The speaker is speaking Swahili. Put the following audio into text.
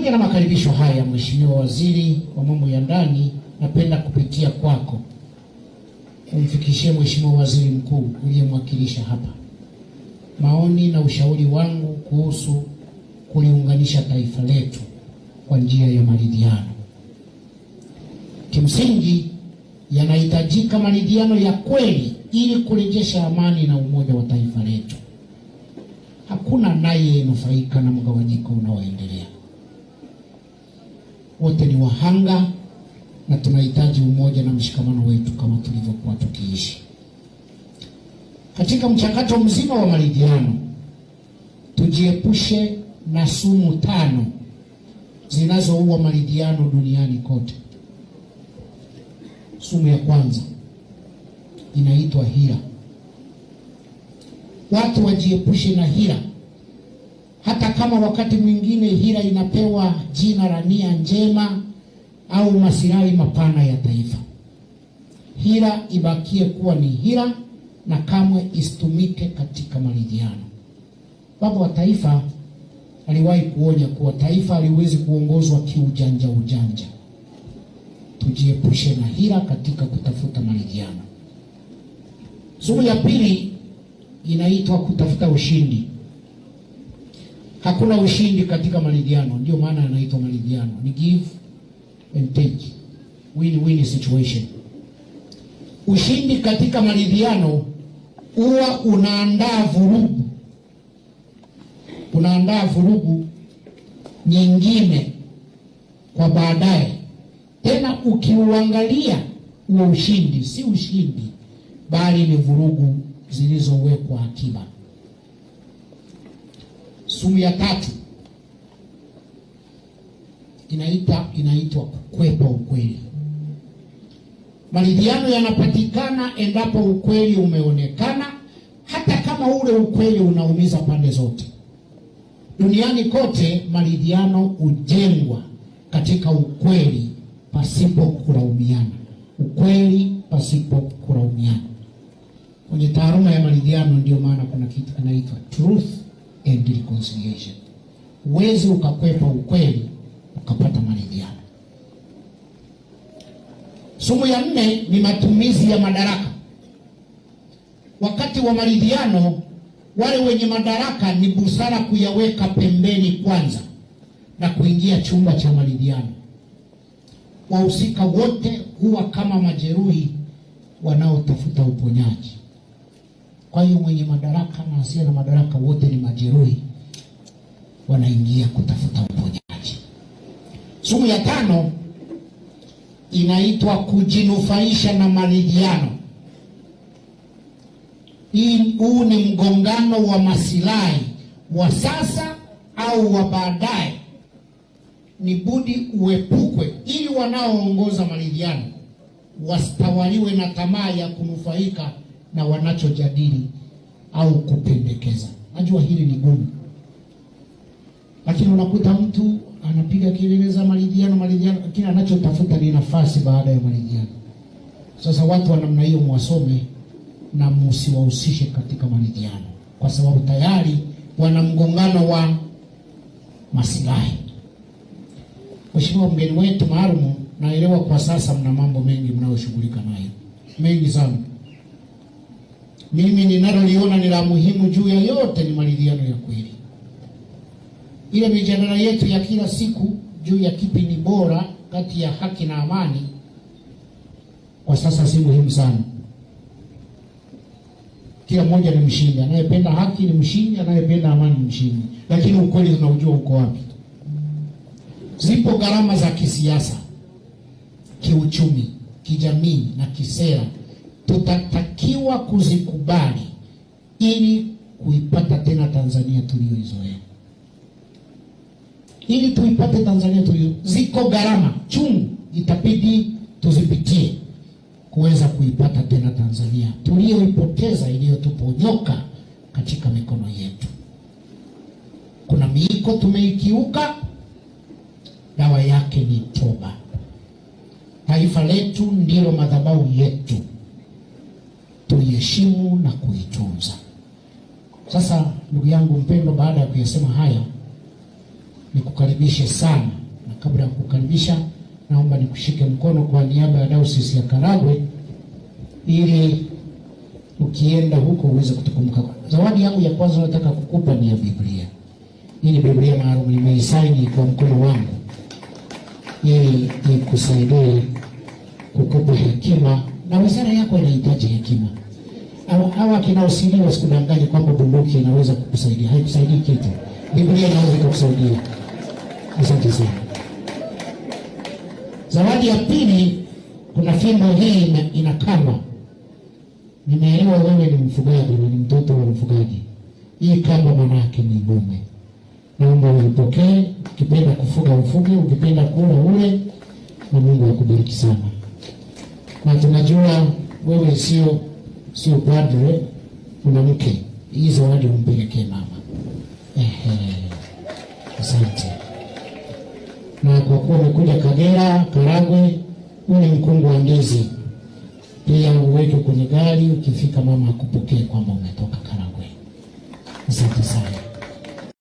Pamoja na makaribisho haya, Mheshimiwa Waziri wa Mambo ya Ndani, napenda kupitia kwako kumfikishia Mheshimiwa Waziri Mkuu uliyemwakilisha hapa maoni na ushauri wangu kuhusu kuliunganisha taifa letu kwa njia ya maridhiano. Kimsingi yanahitajika maridhiano ya kweli ili kurejesha amani na umoja wa taifa letu. Hakuna naye nufaika na mgawanyiko unaoendelea wote ni wahanga na tunahitaji umoja na mshikamano wetu kama tulivyokuwa tukiishi. Katika mchakato mzima wa maridhiano, tujiepushe na sumu tano zinazoua maridhiano duniani kote. Sumu ya kwanza inaitwa hila. Watu wajiepushe na hila hata kama wakati mwingine hila inapewa jina la nia njema au masilahi mapana ya taifa. Hila ibakie kuwa ni hila na kamwe isitumike katika maridhiano. Baba wa taifa aliwahi kuonya kuwa taifa haliwezi kuongozwa kiujanja ujanja. Tujiepushe na hila katika kutafuta maridhiano. Sura ya pili inaitwa kutafuta ushindi. Hakuna ushindi katika maridhiano, ndio maana yanaitwa maridhiano, ni give and take, win win situation. Ushindi katika maridhiano huwa unaandaa vurugu, unaandaa vurugu nyingine kwa baadaye. Tena ukiuangalia huo ushindi si ushindi, bali ni vurugu zilizowekwa akiba. Sumu ya tatu inaita inaitwa kukwepa ukweli. Maridhiano yanapatikana endapo ukweli umeonekana, hata kama ule ukweli unaumiza pande zote. Duniani kote maridhiano hujengwa katika ukweli pasipo kulaumiana, ukweli pasipo kulaumiana. Kwenye taaluma ya maridhiano, ndio maana kuna kitu kinaitwa truth and reconciliation. Uwezi ukakwepa ukweli ukapata maridhiano. Sumu ya nne ni matumizi ya madaraka. Wakati wa maridhiano, wale wenye madaraka ni busara kuyaweka pembeni kwanza na kuingia chumba cha maridhiano. Wahusika wote huwa kama majeruhi wanaotafuta uponyaji. Kwa hiyo mwenye madaraka wasio na madaraka wote ni majeruhi, wanaingia kutafuta uponyaji. Sumu ya tano inaitwa kujinufaisha na maridhiano. Huu ni mgongano wa masilahi wa sasa au wa baadaye, ni budi uepukwe ili wanaoongoza maridhiano wasitawaliwe na tamaa ya kunufaika na wanachojadili au kupendekeza. Najua hili ni gumu, lakini unakuta mtu anapiga kelele za maridhiano maridhiano, lakini anachotafuta ni nafasi baada ya maridhiano. Sasa watu wa namna hiyo mwasome na msiwahusishe katika maridhiano, kwa sababu tayari wana mgongano wa masilahi. Mheshimiwa mgeni wetu maalum, naelewa kwa sasa mna mambo mengi mnayoshughulika nayo mengi sana mimi ninaloliona ni la muhimu juu ya yote ni maridhiano ya kweli. Ile mijadala yetu ya kila siku juu ya kipi ni bora kati ya haki na amani, kwa sasa si muhimu sana. Kila mmoja ni mshindi, anayependa haki ni mshindi, anayependa amani ni mshindi, lakini ukweli tunaujua uko wapi. Zipo gharama za kisiasa, kiuchumi, kijamii na kisera tutatakiwa kuzikubali ili kuipata tena Tanzania tuliyoizoea, ili tuipate Tanzania tuliyo. Ziko gharama chungu, itabidi tuzipitie kuweza kuipata tena Tanzania tuliyoipoteza, iliyotuponyoka katika mikono yetu. Kuna miiko tumeikiuka, dawa yake ni toba. Taifa letu ndilo madhabahu yetu kuiheshimu na kuitunza. Sasa ndugu yangu mpendwa, baada ya kuyasema haya, nikukaribishe sana, na kabla ya kukaribisha, naomba nikushike mkono kwa niaba ya Dayosisi ya Karagwe ili ukienda huko uweze kutukumbuka. Zawadi yangu ya kwanza nataka kukupa ni ya Biblia. Hii ni Biblia maalum, nimeisaini kwa mkono wangu ili ikusaidie kukupa hekima, na wizara yako inahitaji hekima hawa kina usiri wasikudanganye kwamba bunduki inaweza kukusaidia. Haikusaidii kitu. Biblia inaweza ikakusaidia. Asante sana. Zawadi ya pili, kuna fimbo hii ina, Nimeelewa wewe ni mfugaji, ni mtoto wa mfugaji. Hii kamba maana ni ngome. Naomba uipokee, ukipenda kufuga ufuge, ukipenda kula ule, na Mungu akubariki sana. Na tunajua wewe sio sio padre, kuna mke. Hii zawadi umpelekee mama. Ehe, asante. Na kwa kuwa umekuja Kagera, Karagwe, huu ni mkungu wa ndizi, pia uweke kwenye gari, ukifika mama akupokee kwamba umetoka Karagwe. Asante sana.